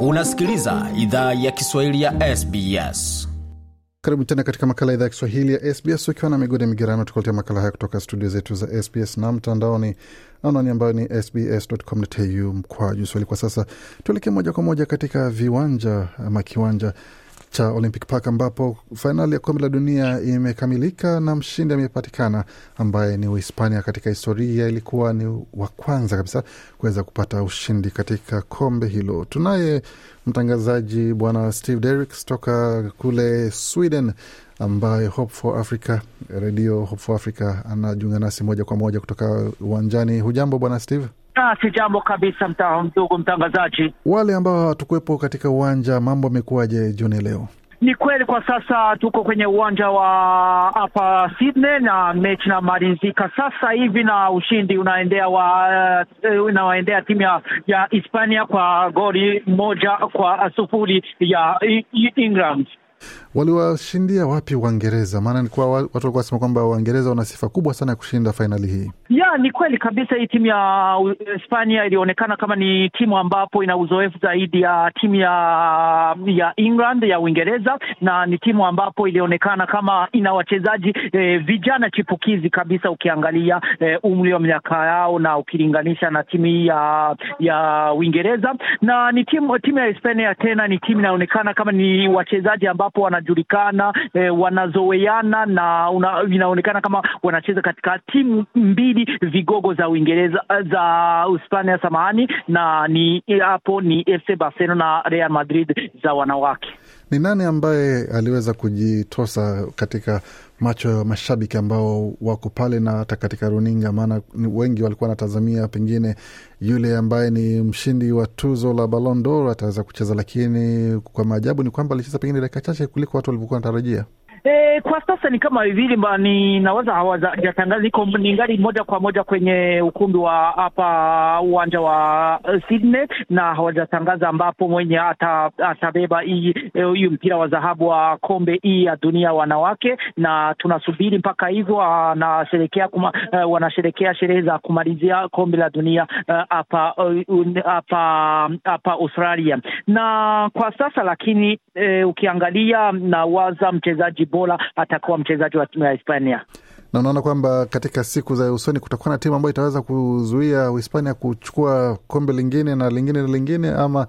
Unasikiliza idhaa ya Kiswahili ya SBS. Karibu tena katika makala idhaa ya Kiswahili ya SBS ukiwa na migode migerano, tukuletea makala haya kutoka studio zetu za SBS na mtandaoni, anani ambayo ni sbs.com.au mkwaju swahili. Kwa sasa tuelekee moja kwa moja katika viwanja ama kiwanja cha Olympic Park ambapo fainali ya kombe la dunia imekamilika na mshindi amepatikana ambaye ni Uhispania. Katika historia ilikuwa ni wa kwanza kabisa kuweza kupata ushindi katika kombe hilo. Tunaye mtangazaji bwana Steve Derricks toka kule Sweden ambaye Hope for Africa, redio Hope for Africa anajiunga nasi moja kwa moja kutoka uwanjani. Hujambo bwana Steve? Ah, si jambo kabisa, mtaa mdogo mtangazaji. Wale ambao hawatukuwepo katika uwanja, mambo amekuwaje jioni leo? Ni kweli kwa sasa tuko kwenye uwanja wa hapa Sydney na mechi inamalizika sasa hivi na ushindi unaendea wa uh, unaendea timu ya, ya Hispania kwa goli moja kwa sufuri ya England waliwashindia wapi Waingereza? Maana nilikuwa watu walikuwa wasema kwamba Waingereza wana sifa kubwa sana ya kushinda fainali hii. Ya, ni kweli kabisa. Hii timu ya uh, Hispania ilionekana kama ni timu ambapo ina uzoefu zaidi ya timu ya um, ya England ya Uingereza, na ni timu ambapo ilionekana kama ina wachezaji eh, vijana chipukizi kabisa, ukiangalia eh, umri wa miaka yao na ukilinganisha na timu hii ya ya Uingereza, na ni timu timu ya Hispania tena ni timu inaonekana kama ni wachezaji ambapo wana wanajulikana e, eh, wanazoweana na una, inaonekana kama wanacheza katika timu mbili vigogo za Uingereza eh, za Hispania samahani, na ni eh, hapo ni FC Barcelona na Real Madrid za wanawake. Ni nani ambaye aliweza kujitosa katika macho ya mashabiki ambao wako pale na hata katika runinga? Maana wengi walikuwa wanatazamia pengine yule ambaye ni mshindi wa tuzo la balondor ataweza kucheza, lakini kwa maajabu ni kwamba alicheza pengine dakika chache kuliko watu walivyokuwa wanatarajia. Eh, kwa sasa ni kama hivi ninaweza hawajatangaza, niko ningali moja kwa moja kwenye ukumbi wa hapa uwanja wa uh, Sydney na hawajatangaza ambapo mwenye ata, atabeba huyu eh, mpira wa dhahabu wa kombe hii ya dunia wanawake, na tunasubiri mpaka hivyo ah, anasherekea kuma, uh, wanasherekea sherehe za kumalizia kombe la dunia hapa uh, hapa uh, Australia na kwa sasa lakini e, ukiangalia na waza mchezaji bora atakuwa mchezaji wa timu ya Hispania na unaona kwamba katika siku za usoni kutakuwa na timu ambayo itaweza kuzuia Uhispania kuchukua kombe lingine na lingine na lingine ama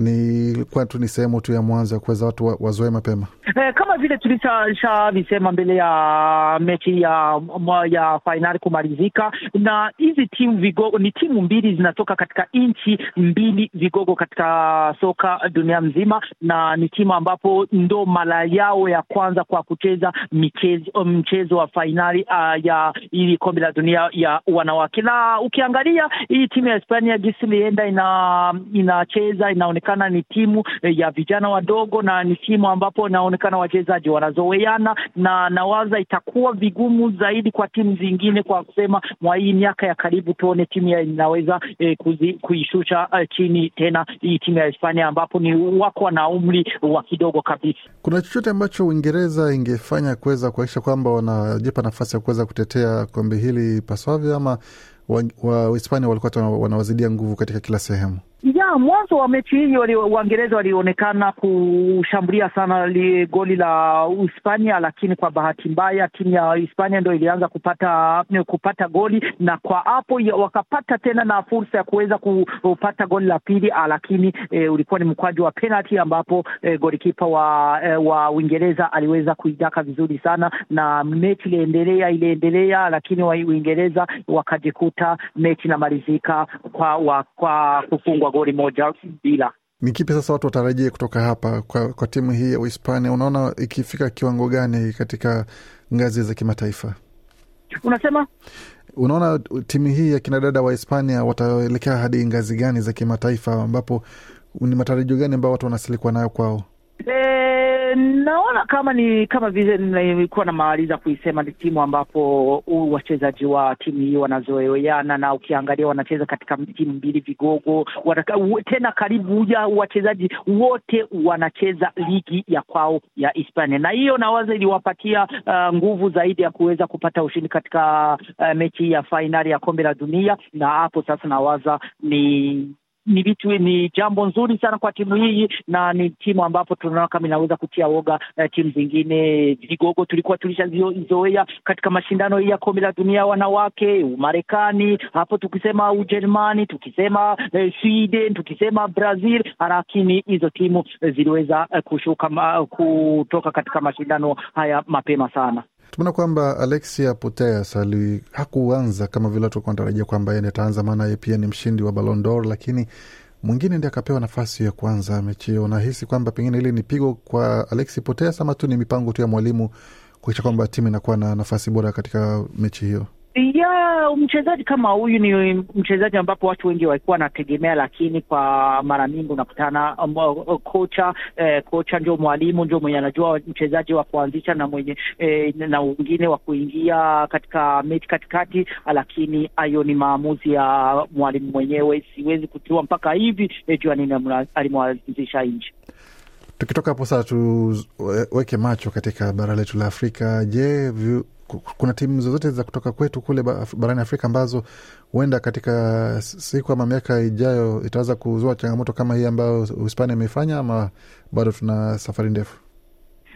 ni kwetu ni sehemu tu ya mwanzo ya kuweza watu wazoe mapema eh, kama vile tulishavisema mbele ya mechi ya ya fainali kumalizika, na hizi timu vigogo ni timu mbili zinatoka katika nchi mbili vigogo katika soka dunia mzima, na ni timu ambapo ndo mara yao ya kwanza kwa kucheza mchezo wa fainali uh, ah, ya ili kombe la dunia ya wanawake, na ukiangalia hii timu ya Hispania jinsi ilienda inacheza ina inaonekana inaonekana ni timu eh, ya vijana wadogo na ni timu ambapo inaonekana wachezaji wanazoweana, na nawaza itakuwa vigumu zaidi kwa timu zingine, kwa kusema mwa hii miaka ya karibu tuone timu inaweza eh, kuishusha eh, chini tena hii timu ya Hispania ambapo ni wako na umri wa kidogo kabisa. Kuna chochote ambacho Uingereza ingefanya kuweza kuhakikisha kwamba wanajipa nafasi ya kuweza kutetea kombe hili paswavyo, ama Wahispania wa, wa walikuwa wanawazidia nguvu katika kila sehemu? ya mwanzo wa mechi hii wali, Waingereza walionekana kushambulia sana li, goli la Hispania, lakini kwa bahati mbaya timu ya Hispania ndo ilianza kupata kupata goli, na kwa hapo wakapata tena na fursa ya kuweza kupata goli la pili, ah, lakini e, ulikuwa ni mkwaju wa penalty ambapo e, eh, golikipa wa e, wa Uingereza aliweza kuidaka vizuri sana, na mechi iliendelea iliendelea, lakini wa Uingereza wakajikuta mechi inamalizika kwa, kwa kufungwa goli moja bila. Ni kipi sasa watu watarajie kutoka hapa kwa, kwa timu hii ya Uhispania? Unaona ikifika kiwango gani katika ngazi za kimataifa? Unasema, unaona timu hii ya kinadada wa Hispania wataelekea hadi ngazi gani za kimataifa, ambapo ni matarajio gani ambayo watu wanasilikwa nayo kwao? Eh, naona kama ni kama vile nilikuwa na maaliza kuisema, ni timu ambapo wachezaji wa timu hii wanazoeana, na ukiangalia wanacheza katika timu mbili vigogo wataka, tena karibu ya wachezaji wote wanacheza ligi ya kwao ya Hispania, na hiyo nawaza iliwapatia uh, nguvu zaidi ya kuweza kupata ushindi katika uh, mechi ya fainali ya kombe la dunia, na hapo sasa nawaza ni vitu ni jambo nzuri sana kwa timu hii, na ni timu ambapo tunaona kama inaweza kutia woga eh, timu zingine vigogo tulikuwa tulishazoea katika mashindano hii ya kombe la dunia wanawake, umarekani hapo, tukisema Ujerumani, tukisema eh, Sweden, tukisema Brazil, lakini hizo timu eh, ziliweza eh, kushuka ma, kutoka katika mashindano haya mapema sana. Tumeona kwamba Alexia Putellas hakuanza kama vile watu walikuwa wanatarajia kwamba yeye ataanza, maana yeye pia ni mshindi wa Ballon d'Or, lakini mwingine ndi akapewa nafasi ya kuanza mechi hiyo. Unahisi kwamba pengine hili ni pigo kwa Alexi Putellas ama tu ni mipango tu ya mwalimu kuakisha kwamba timu inakuwa na nafasi bora katika mechi hiyo? ya mchezaji kama huyu ni mchezaji ambapo watu wengi walikuwa wanategemea, lakini kwa mara mingi unakutana um, uh, uh, kocha eh, kocha ndio mwalimu ndio mwenye anajua mchezaji wa kuanzisha na mwenye eh, na wengine wa kuingia katika mechi katikati, lakini hayo ni maamuzi ya mwalimu mwenyewe. Siwezi kutua mpaka hivi eh, jua nini alimwanzisha nchi Tukitoka hapo sasa, tuweke eh, macho katika bara letu la Afrika. Je, vyu kuna timu zozote za kutoka kwetu kule barani Afrika ambazo huenda katika siku ama miaka ijayo itaweza kuzua changamoto kama hii ambayo Hispania imeifanya ama bado tuna safari ndefu?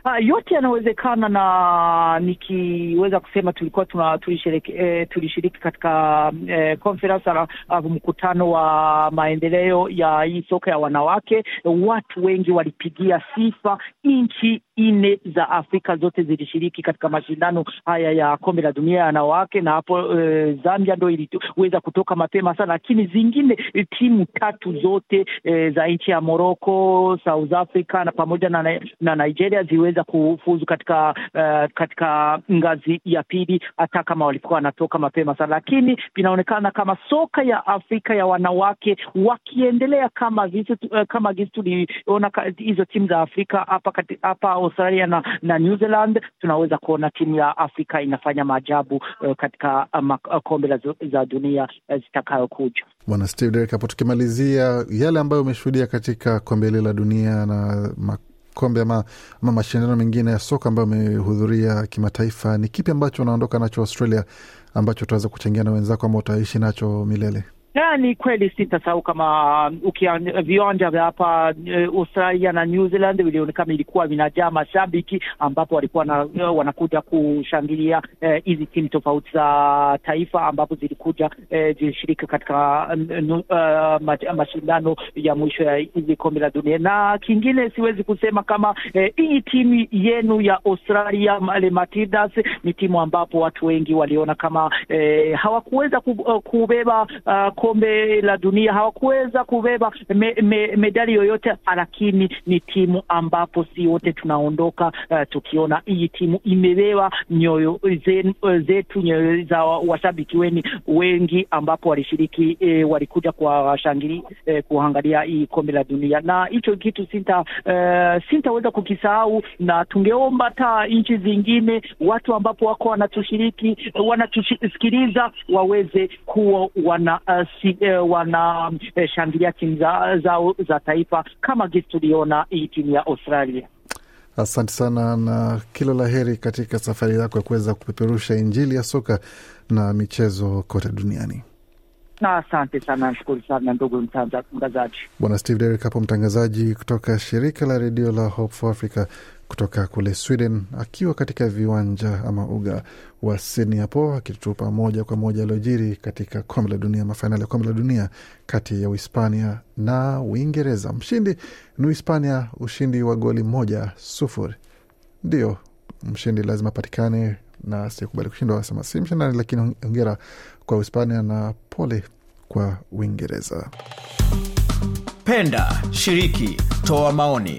Ha, ah, yote yanawezekana, na nikiweza kusema tulikuwa tuna tulishiriki, eh, tulishiriki katika eh, conference au mkutano wa maendeleo ya hii soka ya wanawake. Watu wengi walipigia sifa nchi nne za Afrika zote zilishiriki katika mashindano haya ya kombe la dunia ya wanawake, na hapo e, Zambia ndo iliweza kutoka mapema sana, lakini zingine eh, timu tatu zote e, za nchi ya Morocco, South Africa na pamoja na, na Nigeria ziweza kufuzu katika uh, katika ngazi ya pili, hata kama walikuwa wanatoka mapema sana, lakini inaonekana kama soka ya Afrika ya wanawake wakiendelea kama visi, uh, kama gisi tuliona hizo timu za Afrika hapa hapa Australia na, na New Zealand, tunaweza kuona timu ya Afrika inafanya maajabu uh, katika uh, kombe la za dunia uh, zitakayokuja. Bwana Steve Derek, hapo tukimalizia yale ambayo umeshuhudia katika kombe hili la dunia na kombe ama, ama mashindano mengine ya soka ambayo amehudhuria kimataifa, ni kipi ambacho unaondoka nacho Australia ambacho utaweza kuchangia na wenzako ambao utaishi nacho milele? Ya, ni kweli sitasahau kama uh, ukia, uh, viwanja vya hapa uh, Australia na New Zealand vilionekana ilikuwa vinajaa mashabiki ambapo walikuwa na, uh, wanakuja kushangilia uh, hizi uh, timu tofauti za taifa ambapo zilikuja uh, zilishiriki katika uh, uh, mashindano ya mwisho ya hizi kombe la dunia. Na kingine siwezi kusema kama hii uh, timu yenu ya Australia Male Matildas ni timu ambapo watu wengi waliona kama uh, hawakuweza kubeba uh, kombe la dunia hawakuweza kubeba me, me, medali yoyote, lakini ni timu ambapo si wote tunaondoka uh, tukiona hii timu imebeba nyoyo zen, eh, zetu nyoyo za washabiki weni wengi ambapo walishiriki eh, walikuja shangili eh, kuangalia hii kombe la dunia, na hicho kitu sinta uh, sintaweza kukisahau, na tungeomba hata nchi zingine watu ambapo wako wanatushiriki wanatusikiliza waweze kuwa wana uh, si, eh, wanashangilia eh, timu za, zao za taifa kama gisi tuliona hii timu ya Australia. Asante sana na kila la heri katika safari yako ya kuweza kupeperusha Injili ya soka na michezo kote duniani. Na asante sana, nashukuru sana ndugu mtangazaji, Bwana Steve hapo, mtangazaji kutoka shirika la redio la Hope for Africa kutoka kule Sweden akiwa katika viwanja ama uga wa Sydney hapo akitupa moja kwa moja aliojiri katika kombe la dunia, mafainali ya kombe la dunia kati ya Uhispania na Uingereza. Mshindi ni Uhispania, ushindi wa goli moja sufuri. Ndio mshindi lazima apatikane na sikubali kushindwa, wasema si mshindani, lakini hongera kwa Uhispania na pole kwa Uingereza. Penda, shiriki, toa maoni